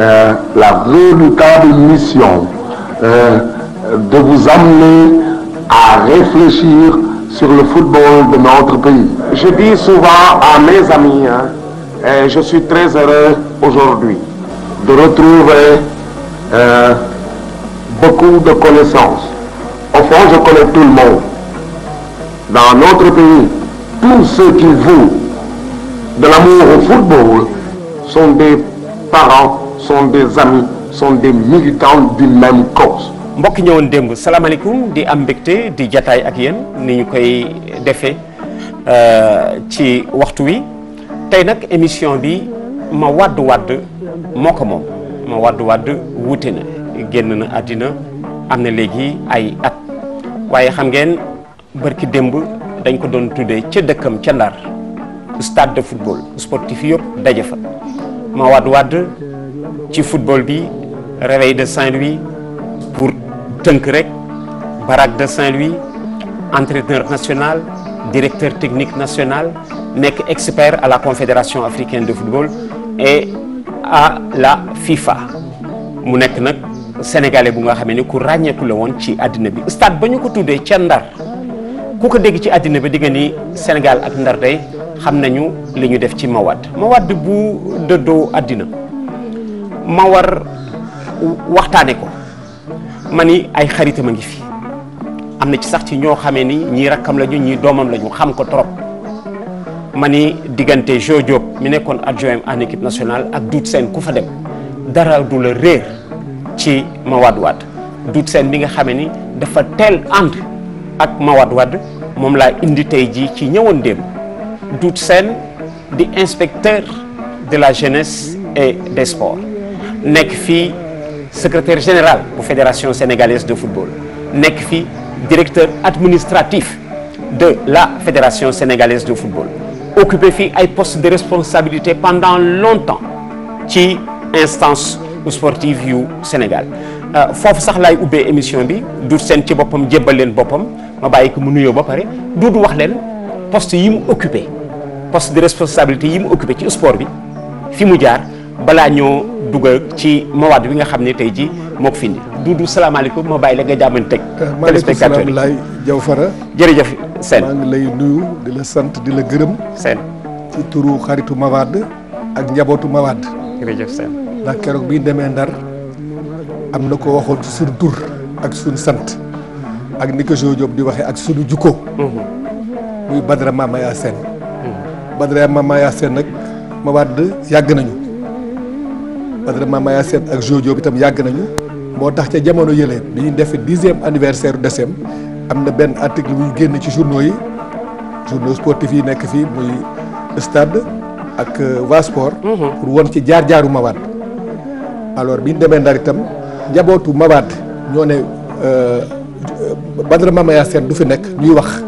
euh, la véritable mission euh, de vous amener à réfléchir sur le football de notre pays. Je dis souvent à mes amis, hein, et je suis très heureux aujourd'hui de retrouver euh, beaucoup de connaissances. Au fond, je connais tout le monde. Dans notre pays, tous ceux qui vouent de l'amour au football sont des parents sont des amis sont des militants d'une même cause. mbokki ñëwoon démb salaamaaleykum di am mbégte di jataay ak yéen ni ñu koy defee euh, ci waxtu wi tey nag émission bi ma wadd wàdd moo ko moom ma wàdd wàdd wuute na génn na àddina am na léegi ay at waaye xam ngeen bërki démb dañ ko doon tuddee ca dëkkam ca Ndar stade de football sportif yëpp daje fa ma wàdd wàdd ci football bi réveil de Saint-Louis pour tënk rek Barak de Saint-Louis entraîneur national directeur technique national nekk expert à la Confédération africaine de football et à la FIFA mu nekk nag sénégalais bu nga xamee ni ku ràññeeku la woon ci àddina bi stade ba ñu ko tuddee ca Ndar ku ko dégg ci àddina bi di nga ni Sénégal ak Ndar day xam nañu li ñu def ci Mawade Mawade bu dëddoo àddina ma war waxtaane ko ma ni ay xaritam a ngi fi am na ci sax ci ñoo xamee ni ñii rakkam lañu ñii doomam lañu xam ko trop ma ni diggante Jo mu nekkoon adjoint en équipe nationale ak Doudou seen ku fa dem dara du la réer ci Mawade Wade Doudou Sène bi nga xame ni dafa teel ànd ak Mawade Wade moom laa indi tey jii ci ñëwoon démb Doudou seen di inspecteur de la jeunesse et des sports nekk fii secretaire général bu fédération sénégalaise de football nekk fii directeur administratif de la fédération sénégalaise de football occupé fii ay post de responsabilité pendant longtemps ci instance sportive yu Sénégal euh, foofu sax laay ubbee émission bi du seen ci boppam jébbal leen boppam ma bàyyi ko mu nuyoo ba pare duudu wax leen poste yi mu occupé poste de responsabilité yi mu occupé ci sport bi fi mu jaar balaa ñoo dugal ci mawaad bi nga xam ne tey ji moo ko fi indi Doudou salaamaaleykum ma bàyyi la nga jàmmanteeg euh, téléspectateur sant di la gërëm Sène ci turu xaritu mawaad ak njabootu mawaad jërëjëf Sène ndax keroog bi demee Ndar am na ko waxoon suñ tur ak suñ sant ak ni ko Jo di waxee ak suñu jukko mhm. muy Badara Mamaya Sène mhm. Badara Mamaya Sène nag mawaad yàgg nañu parce que Mame Maya ak Jojo bi itam yàgg nañu moo tax ca jamono yële bi ñu def dixième anniversaire de sem am na benn article bu génn ci journaux yi journaux sportifs yi nekk fii muy stade ak euh, waa sport mhm. pour won ci jaar-jaaru Mawade alors bi ñu demee Ndar itam njabootu Mawade ñoo ne Badara euh, Mame Maya du fi nekk ñuy wax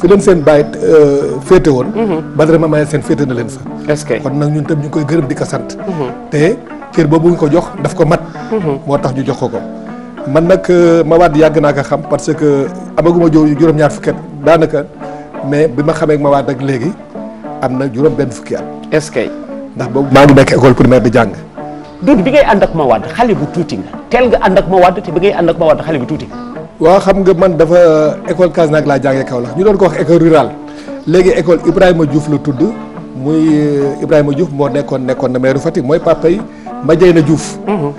fi leen seen bàyyi euh, féete woon. Mhm. Badara Mamaye seen féete na leen sax est-ce que kon nag ñun tam ñu ngi koy gërëm di ko sant. Mhm. te cër boobu ñu ko jox daf ko mat. Mhm. moo tax ñu jox ko ko. man nag euh, Mawade yàgg naa ko xam parce que amaguma juróom-ñaar fukki daanaka mais bi ma xamee Mawade ak léegi am na juróom-benn fukki am est-ce ndax boobu maa ngi nekk école primaire di jàng. donc bi ngay ànd ak Mawade xale bu tuuti nga teel nga ànd ak Mawade te bi ngay ànd ak Mawade xale bu tuuti nga. waaw xam nga man dafa école Casanak laa jàngee la ñu doon ko wax école rural léegi école Ibrahima Diouf la tudd muy euh, Ibrahima Diouf moo nekkoon nekkoon na maire Fatick mooy papa yi Madiène Diouf. Mhm.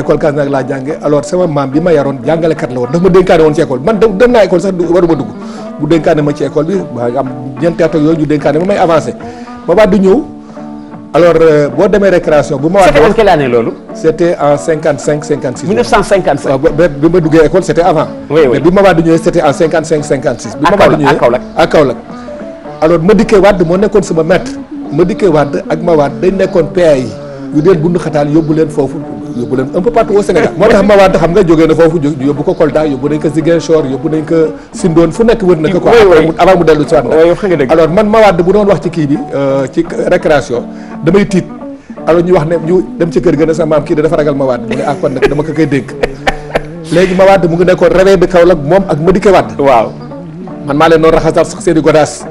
école Casanak laa jàngee alors sama maam bi ma yaroon jàngalekat la woon dafa ma dénkaane woon ci école man dem dem naa école sax waruma dugg bu dénkaane ma ci école bi maa am ñeenti at ak yooyu ñu dénkaane ma may avancé ba baat di ñëw. alors euh, boo demee récréation bu ma. waxee woon quelle année loolu. c' était en 55 56. 1955 waaw ba bi ma duggee école c' était avant. bi ma waat di ñëwee c' était en 55 56. bi ma waat di ñëwee à Kaolack à Kaolack. alors Madické Wade moo nekkoon sama maître Madické Wade ak waat dañ nekkoon PA yi. yu leen bund xataal yóbbu leen foofu yóbbu leen un peu partout au Sénégal moo tax Mawade xam nga jógee na foofu yóbbu ko Kolda yóbbu nañ ko Ziguinchor yóbbu nañ ko Sindoon fu nekk wër na ko quoi avant mu euh, damay tiit alors ñu wax ne ñu dem ci kër gën a sa maam kii dafa ragal Mawade mu ne ah kon nag dama ko koy dénk léegi Mawade mu ngi nekkoon bi de Kaolack moom ak ma Madické Wade waaw man maa leen noon raxasal sax seen i godaas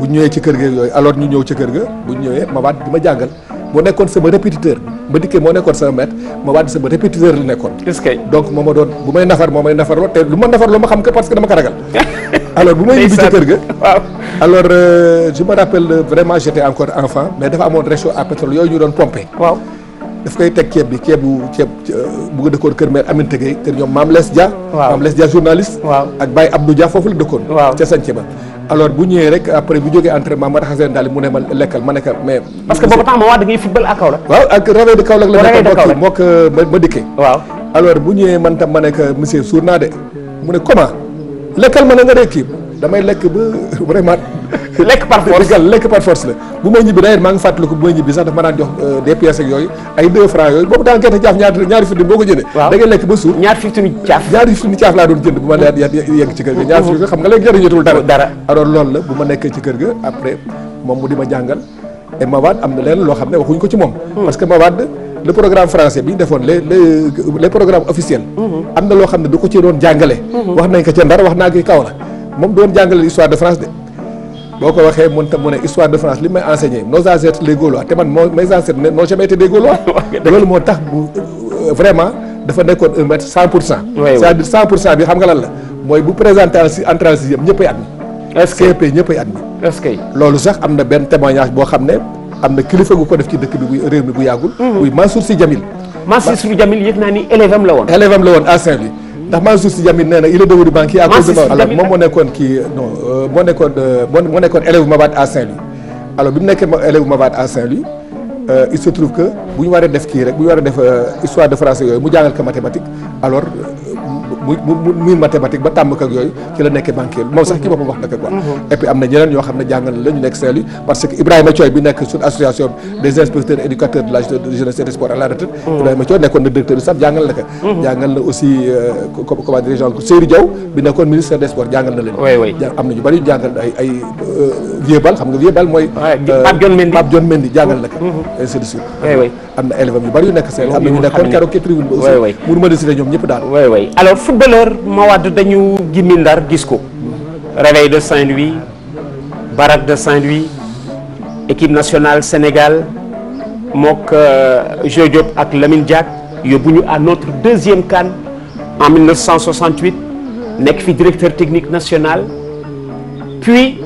bu ñëwee ci kër ga yooyu alors ñu ñëw ci kër ga bu ñëwee ma waat di ma jàngal moo nekkoon sama répétiteur ma dikkee moo nekkoon sama maître ma waat di sama répétiteur la nekkoon. est-ce que donc moo ma doon bu may nafar moo may nafarloo te lu ma nafarloo ma xam que parce que dama ko alors bu may yibbi ci kër ga. alors euh, je me euh, vraiment j'étais encore enfant mais dafa amoon réchaud à pétrole yooyu ñu doon pompé. waaw daf koy teg ceeb bi ceeb euh, bu ceeb bu nga kër mère Aminata ñoom Mame Less Dia. waaw Mame Less Dia journaliste. waaw ak Baye Abdou foofu la dëkkoon. waaw ca Sànce alors bu ñëwee rek après bu jógee entraînement ma raxas leen daal mu ne ma lekkal ma nekk mais. parce que boobu temps ma wax football ak Kaolack. waaw ak réveil de Kaolack la ma euh, dikkee. waaw alors bu ñëwee man tam ma nekk monsieur suur naa de mu ne comment lekkal ma ne nga de kii damay lekk ba vraiment. lekk par force lekk par force la bu ma ñibbi d'ailleurs maa ngi fàttaliku bu ma ñibbi sax dafa ma daan jox euh, des pièces yooyu ay deux francs yooyu boobu daan gerte caaf ñaari ñaari boo ko jëndee da lekk ba suur ñaar fitini caaf caaf laa doon jënd bu ma daan yegg ci kër ga ñaar fitini xam nga léegi jëriñatul dara dara alors loolu la bu ma nekkee ci kër ga après moom mu di ma jàngal et Mawad am na leen loo xam ne waxuñ ko ci moom hmm. parce que Mawad le programme français bi hmm. na loo xam ne du ko ci doon boo ko waxee mën ta mu ne histoire de France li may enseigné nos ancêtres les Gaulois te man moo mes ancêtres n'ont jamais été des loolu moo tax bu euh, vraiment dafa nekkoon un maître cent pour cent c'est-à-dire cent pour bi xam nga lan la mooy bu présenté entrée en sixième ñëppay admis est-ce que CEP ñëppay loolu sax am na benn témoignage boo xam ne am na kilifa gu ko def ci dëkk bi bu réew mi bu yàggul mm-hmm. muy Mansour Sy Djamil Mansour Sy Djamil yëg naa ni élève am la woon élève la woon à saint ndax Mansour Sy Djamil nee na il est devenu banquier à cause de alors moom moo nekkoon kii non euh, moo nekkoon euh, moo nekkoon élève Mabate à Saint-Louis alors bi nekkee élève Mabate à Saint-Louis euh, il se trouve que bu ñu waree def kii rek bu ñu waree def histoire de français yooyu mu jàngal ko mathématique alors muy mu mathématique ba tàmm ak yooyu ci la nekkee banquier moom sax ci boppam wax na ko quoi mm-hmm. am na ñeneen ñoo xam ne jàngal na la ñu nekk seel yi parce que Ibrahima Thioy bi nekk sur association des inspecteurs éducateurs de la jeunesse et des sports mm-hmm. Ibrahima Thioy nekkoon na directeur du jàngal na ko mm-hmm. jàngal na aussi euh, comment dirais je Seydou bi nekkoon ministre des sports jàngal na leen am na ñu bari jàngal ay ay euh, vieux xam nga vieux mooy Pape am na élèves yu bari yu nekk seen am na ñu nekkoon keroog ca tribune ba aussi mënu ma décider ñoom daal way way alors footballeur Mawade dañu gimmi Ndar Réveil de Saint-Louis Barak de Saint-Louis équipe nationale Sénégal mook Jeux ak Lamine Diack yóbbu ñu à notre deuxième CAN en nekk fi directeur technique national puis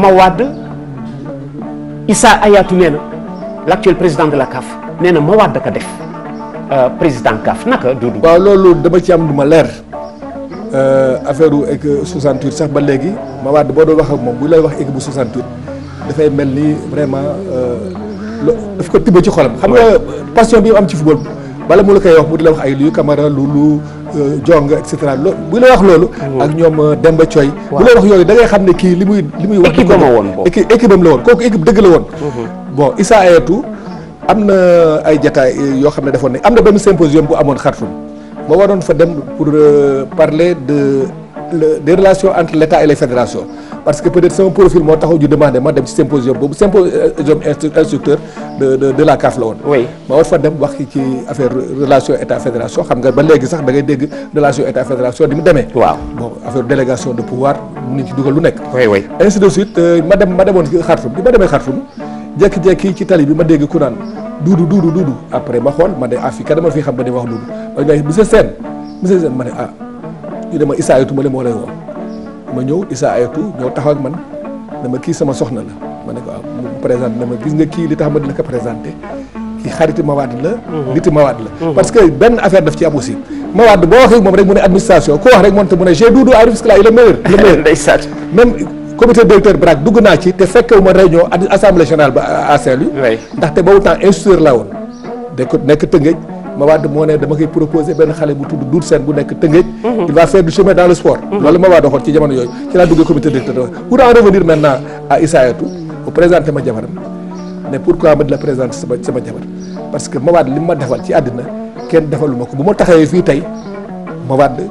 Mawade Issa Ayatou nee président de la CAF nee na ma waat da ko def euh, président CAF naka Doudou. waaw loolu dama ci am lu ma leer euh, affaire u équipe 68 sax ba léegi ma waat boo doo wax ak moom bu lay wax équipe bu 68 dafay mel ni vraiment euh, daf ko tibb ci xolam. xam nga passion bi am ci football bala mu la koy wax mu di la wax ay luy lu lu jong et cetera loolu bu lay wax loolu. ak mm. ñoom Demba Coy. bu lay wax yooyu da ngay xam ne kii li muy. li muy wax équipe am la woon kooku équipe woon kooku équipe dëgg la woon. Mm-hmm. bon Issa Ayatou. am na ay jataay yoo xam ne defoon nañ am na benn symposium bu amoon Khartoum ma waroon fa dem pour euh, parler de des entre l' état et les fédérations parce que peut-être sama profil moo taxaw ñu demandé ma dem ci symposium boobu symposium instructeur de de la CAF la woon. oui ma war fa dem wax ci affaire relation état fédération xam nga ba léegi sax da ngay dégg relation état fédération di mu demee. waaw bon affaire délégation de pouvoir mun ci dugal nekk. oui euh, dem ma demoon Khartoum bi ma demee Khartoum jékki-jékki ci tali bi ma dégg ku naan. duudu duudu duudu après ma xool ma ne ah fii kat dama fi xam ne wax duudu ma ngay monsieur ma ne ah ma ñëw Issa Ayatou ñëw taxaw ak man dama kii sama soxna la ma ne ko ah mu nga kii li tax ma dina ko présenté kii xariti Mawade la mhm. niti Mawade la mhm. parce que benn affaire daf ci am aussi Mawade boo waxee moom rek mu ne administration ko wax rek moom te mu ne j'ai Doudou à Rufisque la il est meilleur le meilleur ndeysaan comité directeur BRAC dugg naa ci te fekkewu ma réunion assemblée ba à Saint-Louis ndaxte boobu temps instituteur la woon de ko nekk Tëngéej ma waad moo ne dama koy proposé benn xale bu tudd Doudou Sène bu nekk Tëngéej mhm. il va faire du chemin dans le sport mhm. loolu ma waa doxoon ci jamono yooyu ci laa duggee comité directeur pour en revenir a à Issayatou mu présenté ma jabaram mais pourquoi ma di la présenter sama sama parce que Mawade li ma defal ci àddina kenn defaluma ko bu ma taxawee fii tey Mawade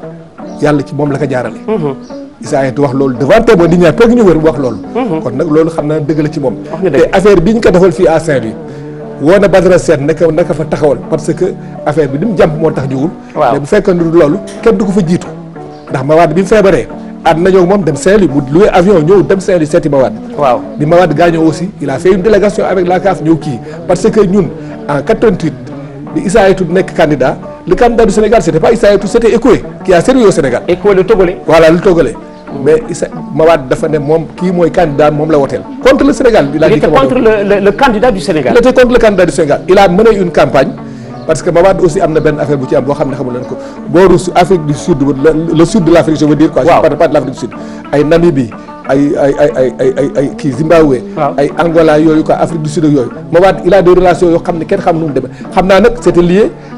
yàlla ci moom la ko jaarale mhm. Isaïe wax loolu devant témoin di ñaar peeg ñu wër wax loolu. Mhm. kon nag loolu xam naa dëgg la ci moom. te affaire bi ñu ko defal fii à Saint-Louis. woo na Badara Sène naka fa taxawal parce que affaire bi ni mu jàmp moo tax jógul. waaw mais bu fekkee ne loolu kenn du ko fa jiitu. ndax Mawade bi mu feebaree ànd nañoo moom dem Saint-Louis mu loué avion ñëw dem Saint-Louis seeti Mawade. waaw bi Mawade gaañoo aussi il a fait une délégation avec la CAF ñëw kii parce que ñun en 88 bi Isaïe Tout du Sénégal c' était pas Isaïe Tout c' était Ekoué a servi au Sénégal. Ekoué le mais Issa Mawade dafa ne moom kii mooy candidat moom la woteel contre le Sénégal. il a dit que contre le, le, le candidat du Sénégal. il était a mené une campagne. parce que Mawade aussi am na benn affaire bu ci am boo xam ne xamul leen ko booru Afrique du Sud le sud de l' Afrique je veux dire quoi. waaw je du Sud. ay Namibie ay ay ay ay ay kii Zimbabwe. ay Angola yooyu quoi Afrique du Sud yooyu. Mawade il a des yoo xam ne kenn xam nu mu demee xam naa nag c' était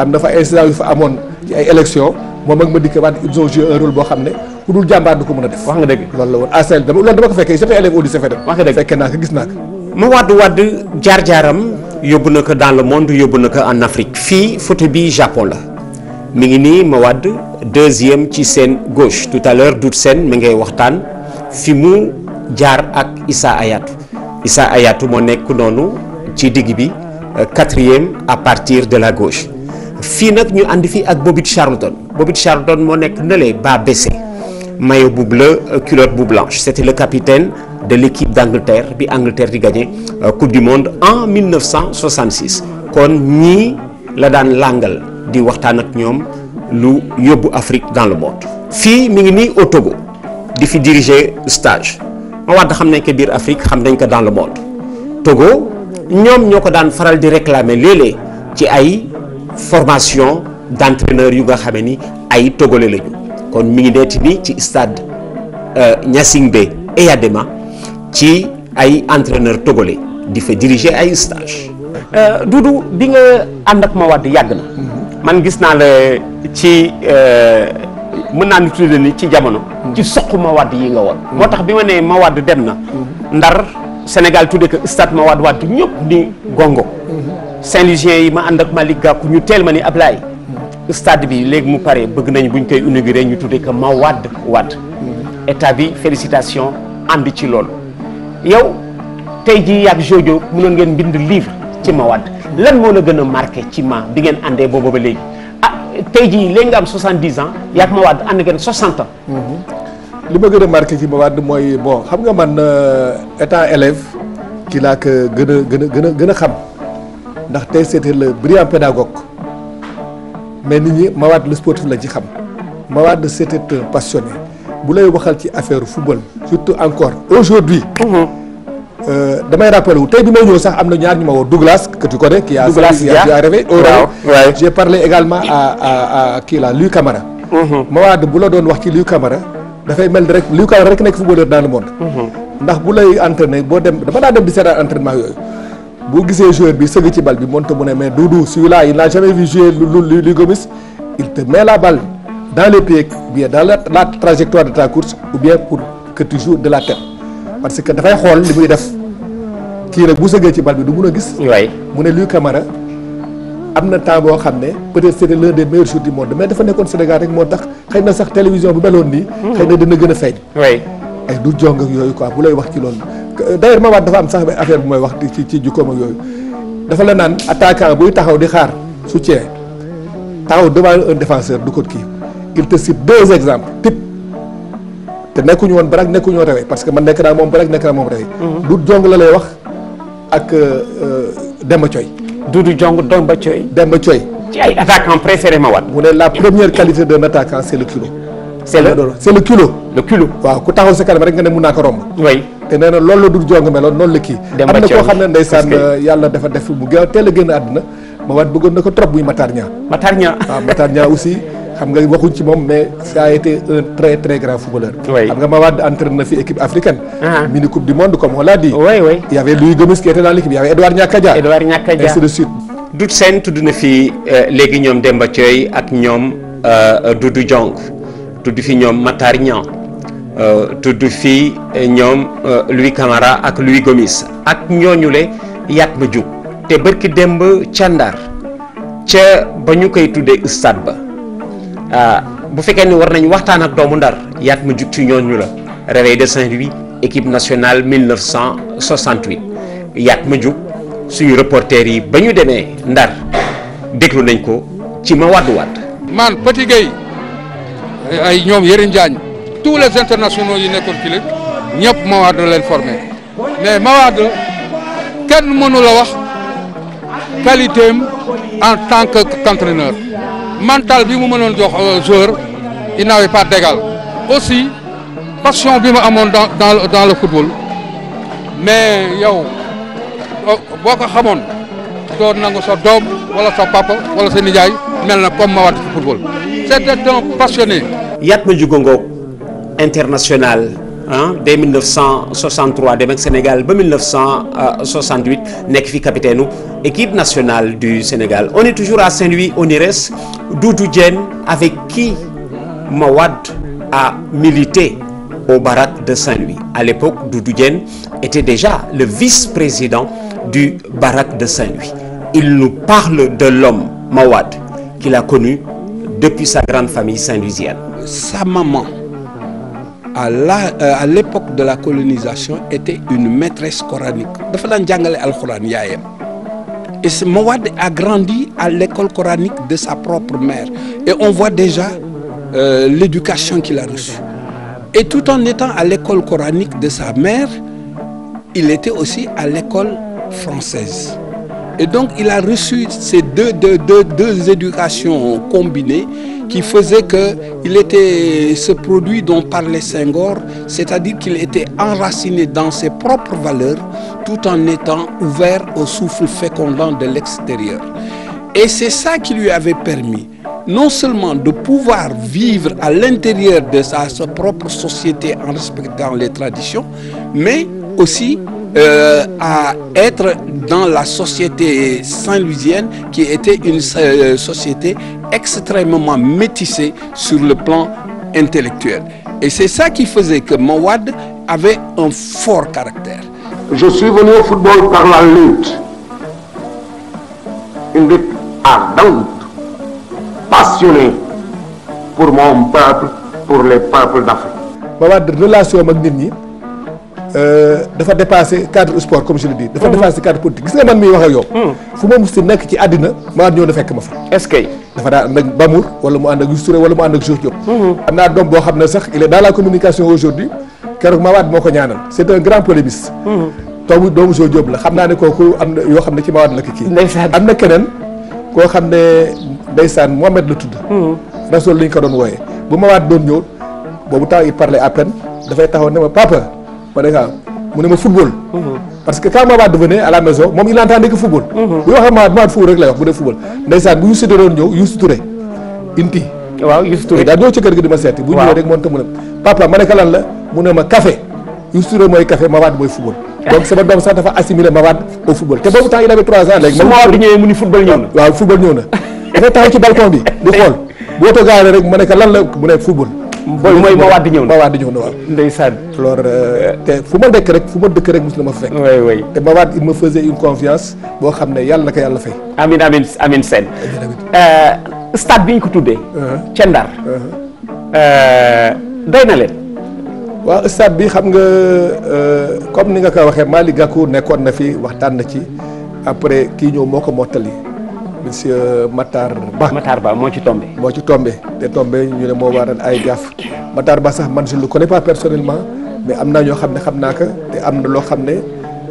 am na fa incident yu fa amoon ci ay élection moom mag ma dikk waat ils ont joué un rôle boo xam ne ku dul jàmbaar du ko mën a def. wax nga dëgg loolu la woon à ah, Saint-Louis loolu dama ko fekkee j'étais élève au lycée Faidherbe. wax fekkee naa ko gis naa ko. ma wàdd wàdd jaar-jaaram yóbbu na ko dans le monde yóbbu na ko en Afrique. fii photo bi Japon la mi ngi nii ma wàdd deuxième ci seen gauche tout à l'heure Doudou Sène mi ngay waxtaan fi mu jaar ak Issa Hayatou Issa Hayatou moo nekk noonu ci digg bi euh, quatrième à partir de la gauche. fii nag ñu ànd fii ak Bobby Charlton Bobby Charlton moo nekk nële bas baissé maillot bu bleu euh, culotte bu blanche c'était le capitaine de l'équipe d'Angleterre bi Angleterre di gagné euh, coupe du monde kon ñii la daan langal di waxtaan ak ñoom lu yóbbu Afrique dans le monde fii mi ngi nii au Togo di fi diriger stage ma wax da xam nañ ko biir Afrique xam nañ ko dans le monde Togo ñoom ñoo ko daan faral di réclamer léeg-léeg ci ay formation d'entraîneur yu nga xamee ni ay togole lañu kon mi ngi neeti ni ci stade Gnassingbé euh, Eyadema ci ay entraîneur togole di fa diriger ay stage euh, Doudou bi nga ànd ak Mawade yàgg na man gis naa la ci euh, mën naa ni tuddee ni ci jamono mm-hmm. ci soq Mawade yi nga woon mm-hmm. moo tax bi ma nee Mawade dem na mm-hmm. Ndar Sénégal tuddee ko stade Mawade Wade ñëpp ni gongo Saint-Louisien yi ma ànd ak Malick Gakou ñu teel ma ni Ablaye stade bi léegi mu pare bëgg nañu bu buñ koy inauguré ñu tuddee ko ma wadd wadd état bi félicitation ànd ci loolu yow tey jii yàgg jojo mënoon ngeen bind livre ci ma wadd lan moo la gën a marqué ci ma bi ngeen andee boobu ba léegi ah tey jii léegi nga am 70 ans yàgg ma wadd ànd ngeen 60 ans mhm. li ma gën a marqué ci ma wadd mooy bon xam nga man euh, état élève ki laa ko gën a gën a gën a gën a xam ndax tey c'était le brillant pédagogue mais nit ñi Mawade lu sportif la ci xam Mawade c'était un passionné bu lay waxal ci affaire football surtout encore aujourd'hui mhm. euh, damay rappelé wu tey bi may ñëw sax am na ñaar ñu ma woo Douglas que tu connais. qui a Douglas qui a rêvé au rêve j'ai également à kii là Louis Camara. Mhm. Mawade bu la doon wax ci Louis Camara dafay mel rek Louis Camara rek nekk footballeur dans le monde. Mhm. ndax bu lay entraîné boo dem dama daa dem di yooyu. boo gisee joueur bi sëgg ci bal bi monte mu ne mais Doudou celui-là il n'a jamais vu jouer lu lu Gomis il te met la balle dans les pieds bien dans la la trajectoire de ta ou bien pour que tu de la tête parce que dafay xool li muy def kii nag bu sëggee ci bal bi du mun a gis. waaye mu ne luy Camara am na temps boo xam ne peut-être c'était l'un des meilleurs joueurs du monde dafa nekkoon Sénégal rek moo tax xëy na sax télévision bu meloon nii. Mm-hmm. xëy na dina gën a feeñ. waay ay du jong ak quoi bu lay wax ci loolu. d'ailleurs Mamath dafa am sax affaire bu mooy wax ci ci jikkoom ak yooyu dafa la naan attaquant buy taxaw di xaar soutien taxaw devant un défenseur du ko kii il te si deux exemples type te nekkuñu woon barak nekkuñu woon rewe parce que man nekk naa moom barak nekk naa moom rewe mhm. du jong la lay wax ak euh, euh, Demba Coy Doudou Diong Demba Coy Demba Coy ci ay attaquant préféré Mawade mu ne la première qualité d'un attaquant c'est le culot c'est le c'est le culot le culot waaw ku taxaw sa kanam rek nga ne mun naa ko romb te nee na loolu la dul jong meloon noonu la kii am na koo xam ne ndeysaan yàlla dafa def mu gën teel a génn àdduna ma waat bëggoon na ko trop muy Matar Niang Matar Niang waaw ah, Matar Niang aussi xam nga waxuñ ci moom mais ça a été un très grand footballeur xam nga Mawade entraîne na fi équipe africaine ah. mini coupe du monde comme on l'a dit oui oui il y avait Louis Gomis qui était dans l'équipe il y avait Edouard Niakadia Edouard Niakadia ainsi de suite Doudou Sène tudd euh, ñoom Demba Thioye ak ñoom euh, Doudou ñoom Matar Euh, tudd fii eh, ñoom euh, Louis Camara ak Louis Gomis ak ñooñule yaat ma jug te bërki démb ca Ndar ca ba ñu koy tuddee stade ba ah, bu fekkee ni war nañ waxtaan ak doomu Ndar yaat ma jug ci ñooñu la réveil de Saint-Louis équipe nationale 1968 yaat ma jug suñu reporter yi ba ñu demee Ndar déglu nañ ko ci ma wàddu wàdd man ay ñoom Yërim Diagne tous les internationaux yi nekkoon ci léegi ñëpp Mawade leen formé mais Mawade kenn mënu la wax qualité en tant que entraîneur mental bi mu mënoon jox euh, joueur il n'avait pas aussi passion bi mu amoon dans dans dans le football mais yow oh, boo ko xamoon doo nangu sa doom wala sa papa wala sa nijaay mel na comme Mawade ci football c'était un passionné. yat ma jugo ngoog international ah dès 1963 dem ak Sénégal ba 1968 nekk fi capitaine équipe nationale du Sénégal on est toujours à Saint-Louis on y reste Doudou Diène avec qui Mawade a milité au Barak de Saint-Louis à l'époque Doudou Diène était déjà le vice-président du Barak de Saint-Louis il nous parle de l'homme Mawade qu'il a connu depuis sa grande famille saint-louisienne sa maman Euh, à l'époque de la colonisation était une maîtresse coranique dafa daan jàngale alxuraan yaayam et Mawade a grandi à l'école coranique de sa propre mère et on voit déjà euh, l'éducation qu'il a reçue et tout en étant à l'école coranique de sa mère il était aussi à l'école française Et donc, il a reçu ces deux, deux, deux, deux éducations combinées qui faisait qu'il était ce produit dont parlait Senghor, c'est-à-dire qu'il était enraciné dans ses propres valeurs tout en étant ouvert au souffle fécondant de l'extérieur. Et c'est ça qui lui avait permis non seulement de pouvoir vivre à l'intérieur de sa, sa propre société en respectant les traditions, mais aussi euh, à être dans la société saint-louisienne qui était une euh, société extrêmement métissée sur le plan intellectuel. Et c'est ça qui faisait que Mawad avait un fort caractère. Je suis venu au football par la lutte. passionnée pour mon peuple, pour les peuples d'Afrique. Euh, dafa dépassé cadre sport comme je le dis. dafa mhm. dépassé cadre politique gis nga man miy wax ak mhm. fu ma mus nekk ci àddina maa ñëw na fekk ma fa. est dafa daan ànd ak Bamour wala mu ànd ak Youssou Touré mu ànd ak Cheikh Diop. Mhm. am naa doom boo xam ne sax il est la communication aujourd'hui keroog Mawade moo ko ñaanal c'est un grand polémiste. doomu doomu Cheikh la xam naa ne kooku am na yoo xam ne ci Mawade la ko kii. am na keneen koo xam ne ndeysaan Mohamed la tudd. Rasoul lañ ko doon wooyee bu Mawade doon ñëw boobu temps il parlait à peine dafay taxaw ne ma par exemple mu ne ma football. Mhm. parce que quand Mama devenait à la maison moom il entendait que football. Mhm. bu waxee Mama Mama football rek lay wax mu ne football. ñëw na. waaw football ñëw na dafay taxaw ci balcon bi di xool boo toogee rek ma ne lan la mu ne football booy mooy moo waat di ñëw na moo waat di ñëw na waaw. ndeysaan. alors euh, te fu ma dëkk rek fu ma dëkk rek mos na ma fekk. oui oui te ma waat il me faisait une confiance boo xam ne yàlla na ko yàlla fay. amin amin amin seen. Euh, stade bi ñu ko tuddee. Uh-huh. ca Ndar. Uh-huh. Euh, na leen. waaw stade bi xam nga comme ni nga ko waxee Malick Gakou nekkoon na fi waxtaan na ci après kii ñëw moo ko mottali. monsieur Matar Ba. mataar Ba moo ci tombé. moo ci tombee te tombé ñu ne moo waral ay gaaf Matar Ba sax man je ne le connais pas personnellement mais am naa ñoo xam ne xam naa ko te am na loo xam ne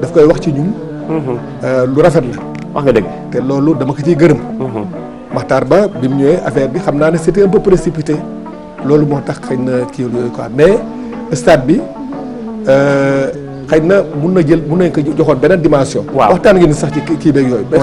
daf koy wax ci ñun. Mhm. Euh, lu rafet la. wax nga te loolu dama ko ciy gërëm. Mhm. Matar Ba bi mu ñëwee affaire bi xam naa ne c'était te peu précipité loolu moo tax xëy na kii yooyu quoi mais stade bi. Euh, xëy na mun na jël mun nañ ko joxoon beneen dimension. waaw waxtaan ngeen sax ci kii beeg yooyu. mais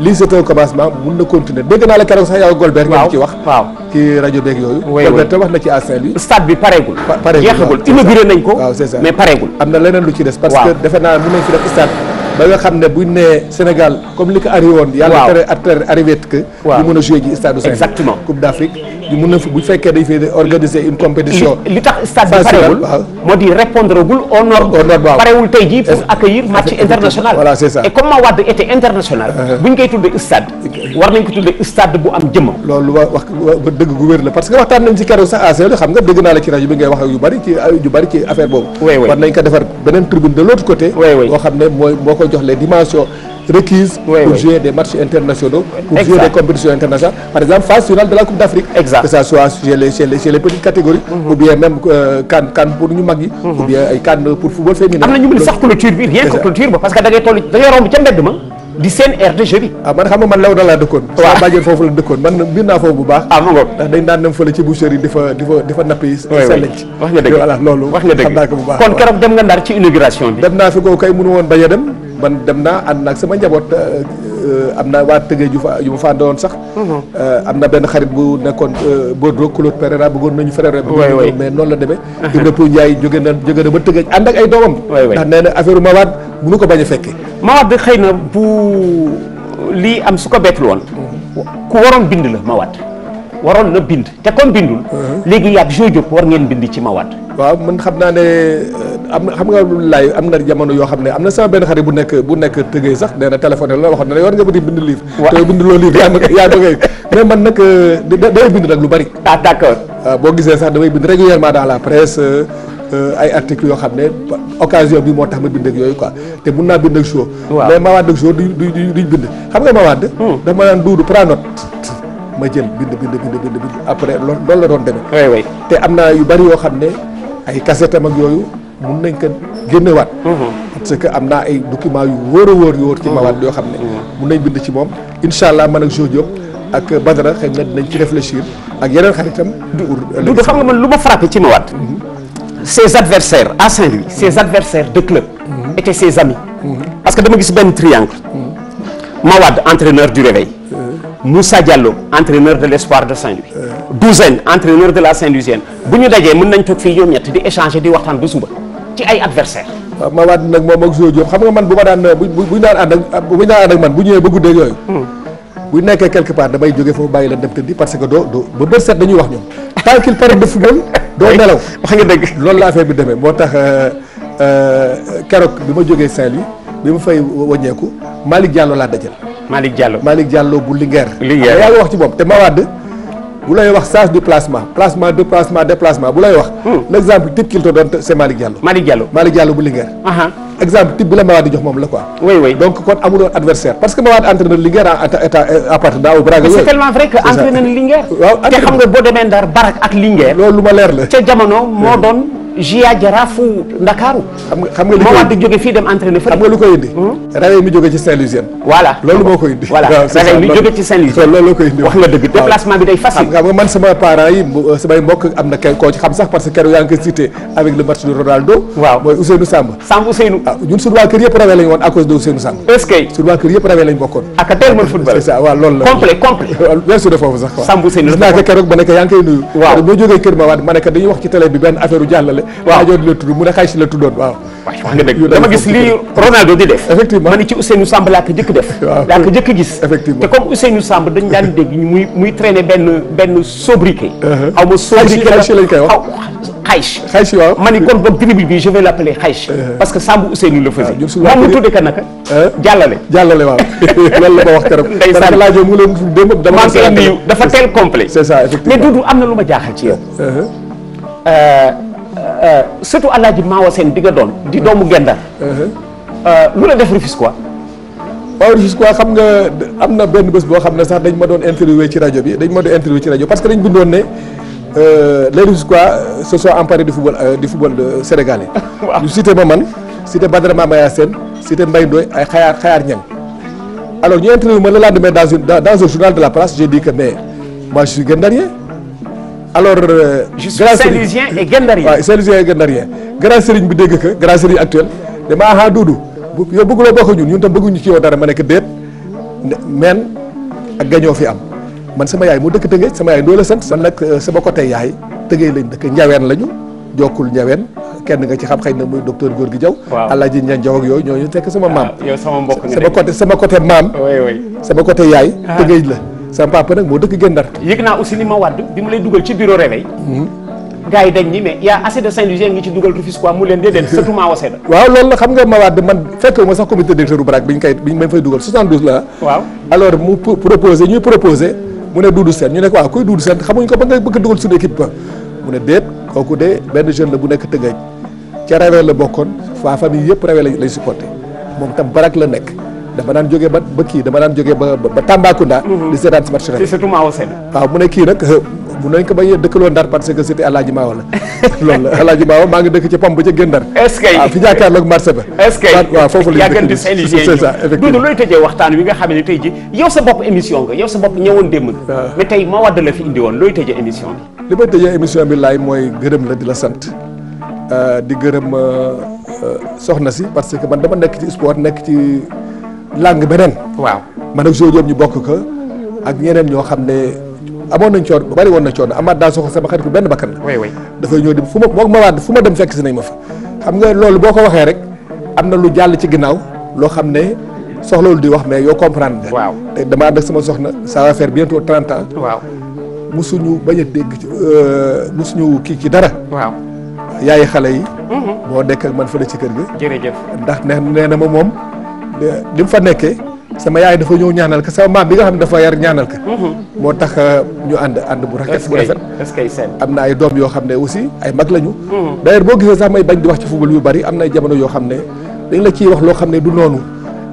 lii c'est commencement mun na continuer dégg naa la keroog sax yow Golbert ngeen ci wax waaw ci rajo beeg yooyu Golbert te wax na ci à Saint-Louis stade bi pareegul pareegul jeexagul nañ ko waaw c'est ça mais pareegul am na leneen lu ci des parce que defe naa mun nañ fi def stade ba nga xam ne bu buñ nee Sénégal comme li ko arrivé woon yàlla tere at arrivé que ñu mën a joué ji stade coupe d'Afrique mun na fi bu fekkee day fee organiser une compétition. li tax stade bi parewul moo di répondre gul au nord. au nord waaw parewul tey pour accueillir match international. voilà c'est ça et comme Mawade était international. Uh-huh. bu ñu koy tuddee bu am jëmm. loolu wax dëgg gu wér la parce que waxtaan nañ ci keroog sax ACL xam nga dëgg naa la ci rajo bi ngay wax yu bari ci affaire boobu. war nañ ko defar beneen tribune de l'autre côté. xam ne moo ko requises oui, pour oui. jouer des matchs Par exemple, phase finale de la Coupe d'Afrique. Exact. Que ça soit chez les, chez les, chez mhm. ou bien même euh, canne, pour ñu mag yi. Mhm. ou bien ay pour football féminin. am na ñu mën sax culture bi rien que culture ba parce que da toll da romb ca mbedd ma. di seen aire bi. Ah, man xam nga man law da laa dëkkoon. waaw sama foofu la dëkkoon man biir naa foofu bu baax. ah mu ndax dañ daan dem fële ci bu baax man dem naa ànd naag sama njaboot euh, euh, am na waa tëgee ju fa yu ma fa àndoon sax. Mhm. Euh, am na benn xarit bu nekkoon Bordeaux Claude Pereira bëggoon nañu frère waay mais noonu la demee. Ibrahima Ndiaye jóge na jóge na ba tëgee ànd ak ay doomam. ndax nee na affaire Mawad ko bañ a fekkee. Mawad xëy na bu lii am su ko bettul woon. ku waroon bind la Mawad. waroon na bind te comme bindul. Mhm. léegi yàgg Joe Diop war ngeen bind ci Mawad. waaw man xam naa ne. am na xam nga laay am na jamono yoo xam ne am na sama benn xarit bu nekk bu nekk tëggee sax nee na téléphoné la loo livre yaa man nag euh, damay bind nag lu bari ah d'accord euh, boo gisee sax damay bind régulièrement dans la presse euh, ay articles yoo xam ne occasion bi moo tax ma bind yooyu quoi te mun naa bind ak show mais ma waat ak show xam nga ma waat dafa ma naan duudu prends note ma jël bind bind bind bind bind après loolu la doon demee. oui te am naa yu bari yoo xam ne ay cassette am ak yooyu mun nañ ko génnewaat. parce que am na ay documents yu wóor a wóor yu wóor ci Mawade yoo xam ne. mun nañ bind ci moom incha allah man ak Jo ak Badara xëy na dinañ ci réfléchir ak yeneen xaritam. du du xam nga lu ma frappé ci Mawade. ses adversaires à Saint-Louis. ses adversaires de club. étaient mm-hmm. ses amis. Mm-hmm. parce que dama gis benn triangle. Mm-hmm. Mawade entraîneur du réveil. Euh. Moussa Diallo entraîneur de l'espoir de Saint-Louis. Euh. Douzaine entraîneur de la Saint-Louisienne ñett di échanger di waxtaan ba ci ay adversaire waaw Mawad nag moom ak Zoe Diop xam nga man bu ma daan bu buñ ah, daan ànd ak man bu ñëwee ba guddeeg yooyu hmm. bu nekkee quelque part damay jóge foofu bàyyi la dem tëddi parce que doo doo ba bër set dañuy wax ñoom tant qu'il parle de football doo nelaw wax nga dëgg loolu la affaire bi demee moo tax euh, euh, keroog bi ma jógee Saint-Louis bi ma fay wàññeeku Malick Diallo laa dajal Malick Diallo Malick Diallo bu Linguère Linguère yaa wax ci moom te ma Mawad bu lay wax sage du placement placement déplacement déplacement bu lay wax. Hmm. l' exemple type qu'il te donne que Mawade entraîneur Linguère en état appartenant au Braga lu ma leer la ca jamono moo hmm. doon. Gia jaraafu Ndakaaru. xam nga lu koy indi. Hmm? rawee mi jóge ci Saint-Louisienne. voilà loolu moo koy indi. waaw mooy ah, a teel jógee kër ma waat ma ne dañuy wax ci télé bi benn affaire u jàllale waaw jooju la tudd mu ne xaysi la tuddoon waaw wax nga dëgg dama gis lii Ronaldo di def effectivement ci Ousseynou Samb laa ko jëkk def laa ko jëkk gis te comme Ousseynou Samb dañ daan dégg muy muy traîner benn benn sobriquet uh-huh. xaw ma sobriquet lañ koy wax xaysi xaysi waaw ma ni kon boog uh-huh. parce que Samb Ousseynou la faisait moom mu tuddee ka naka jàllale jàllale waaw loolu la ma wax keroog ndeysaan laajoo mu leen démb dama maa ngi dafa teel complet c'est ça effectivement am na lu ma jaaxal ci yow uh-huh. euh, Euh, surtout Alaaji Maawa Seen di nga doon di doomu Gendar uh-huh. euh, lu la def Rufisque quoi waaw Rufisque xam nga am na benn bés boo xam ne sax dañ ma doon interviewé ci rajo bi dañ ma doon interviewé ci rajo parce que dañ bindoon ne euh, les Rufisquois se sont emparés du football du football sénégalais ñu cité ma man cité Badara Mamaya Sène cité Mbaye Ndoye ay xayaar xayaar ñang alors ñu interviewé ma le lendemain dans une journal de la place j'ai dit que mais moi je alors. Euh, je suis Saint-Louisien et Guet-Ndarien waaw grand sëriñ bi dégg ko grand sëriñ actuel dama aha Doudou yow bëgguloo bokk ñun ñun tam bëgguñu ci yow dara ma nekk déet men ak gañoo fi am man sama yaay moo dëkk Tëngéej sama yaay doo la sant man nag euh, sama côté yaay Tëngéej lañ dëkk njaween lañu jokkul njaween kenn nga ci xam xëy na muy docteur góor gi jaw alaaji ñaan jaw ak yooyu ñu tekk sama maam ah, sama côté sama côté maam sama côté yaay ah. Tëngéej la sama papa moo dëkk Guet Ndar. yëg naa aussi ni ma wàdd bi mu lay dugal ci bureau réveil. Mhm. gars yi dañ ñi mais y' a assez de Saint-Louisien ngi ci dugal Rufisque quoi mu leen déedéet surtout maa wasee la. waaw loolu la xam nga ma waat man fekk ma sax comité directeur bu BRAC bi ñu koy bi ñu fay dugal 72 la waaw alors mu proposé ñuy proposé mu ne Doudou Sène ñu ne waaw kuy Doudou Sène xamuñ ko ba nga bëgg dugal suñu équipe ba mu ne la bu nekk dama daan jógee ba ba kii dama daan jógee ba ba Tambacounda. Mhm. di seetaan si match rek. surtout mu ne kii nag bu nañ a dëkkaloo Ndar parce que c'était Alaaji Maawo la loolu la Alaaji Maawo maa ngi dëkk ci pom ba ca Gendar. est-ce que waaw fi jàkkaarloog marché ba. est-ce que waaw foofu looy tëjee waxtaan wi nga xam ne tey ji yow sa bopp émission nga yow sa bopp ñëwoon démb nga. tey ma wàdd fi indi woon looy tëjee émission bi. li may tëjee émission bi laay mooy gërëm la di la sant euh, di gërëm euh, euh, soxna si parce que man dama nekk ci sport nekk ci langue beneen. waaw man ak Jojo ñu bokk ko ak ñeneen ñoo xam ne amoon nañ coon ba bari woon na coono amaat daa soxla sama xarit bu benn bakkan. oui oui dafay ñëw di fu ma moom ma waat fu ma dem fekk si nañ ma fa. xam nga loolu boo ko waxee rek am na lu jàll ci ginnaaw loo xam ne soxla soxlawul di wax mais yoo comprendre. waaw te dama ànd ak sama soxna ça va faire bientôt trente ans. waaw musuñu bañ dégg ci euh, musuñu kii ci dara. waaw yaayi xale yi. Mm-hmm. moo nekk ak man fële ci kër ga. jërëjëf ndax nee na ma moom. li mu fa nekkee sama yaay dafa ñëw ñaanal ko sama maam bi nga xam ne dafa yar ñaanal ko. Mm-hmm. moo tax euh, ñu ànd ànd bu rafet bu rafet. am na ay doom yoo xam ne aussi ay mag lañu. Mm-hmm. boo gisee sax may bañ di wax ci football yu bari am na ay jamono yoo xam ne dañ la ciy wax loo xam ne du noonu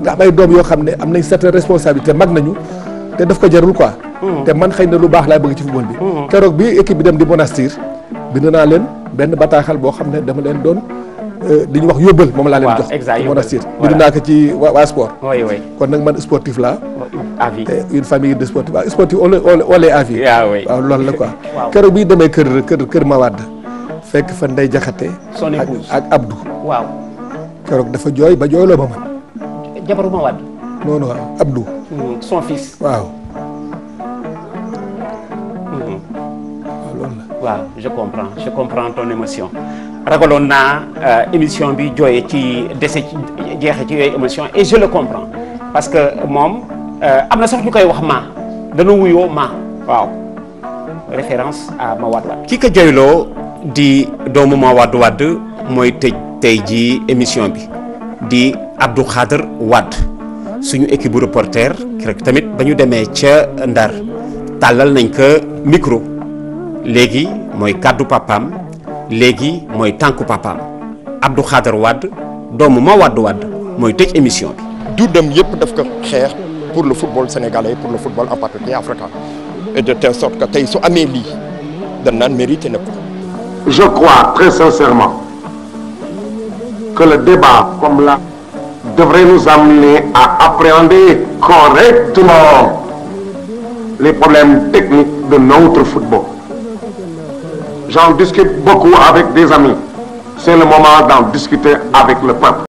nga am ay doom yoo xam ne am nañ certaine responsabilité mag nañu te daf ko jarul quoi. Mm-hmm. te man xëy na lu baax laa bëgg ci football bi. keroog bi équipe bi dem di monastir bind naa leen benn bataaxal boo xam ne dama leen doon. Euh, li ñu wax yóbbal moom laa leen jox moo tax siit bi dinaa ko ci waa sport kon nag man sportif laa euh, une famille de sportifs waaw sportif on ah la quoi keroog bi demee kër kër kër Mawade fekk fa Ndeye Jaxate son ak Abdou keroog dafa jooy ba jooyloo ba man jabaru Mawade non non Abdou hmm, son fils waaw hmm. ragaloon naa euh, émission bi jooye ci dese ci jeexe ci yooyu émission et je le comprends parce que moom euh, am na sax ñu koy wax ma dana wuyoo ma waaw référence à Mawade Wade ki ko joyloo di doomu Mawade Wade mooy tëj tey ji émission bi di Abdou Khader Wade suñu équipe bu reporter rek tamit ba ñu demee ca Ndar tàllal nañ ko micro léegi mooy kàddu papaam léegi mooy tànku papaam Abdou Khader Wade doomu ma Wade Wade mooy tëj émission bi. dem yëpp daf ko xeex pour le football sénégalais pour le football en particulier africain et de telle sorte que tey su amee lii dañ naan mérité na ko. je crois très sincèrement que le débat comme là devrait nous amener à appréhender correctement les problèmes techniques de notre football. j'en discute beaucoup avec des amis c'est le moment d'en discuter avec le peuple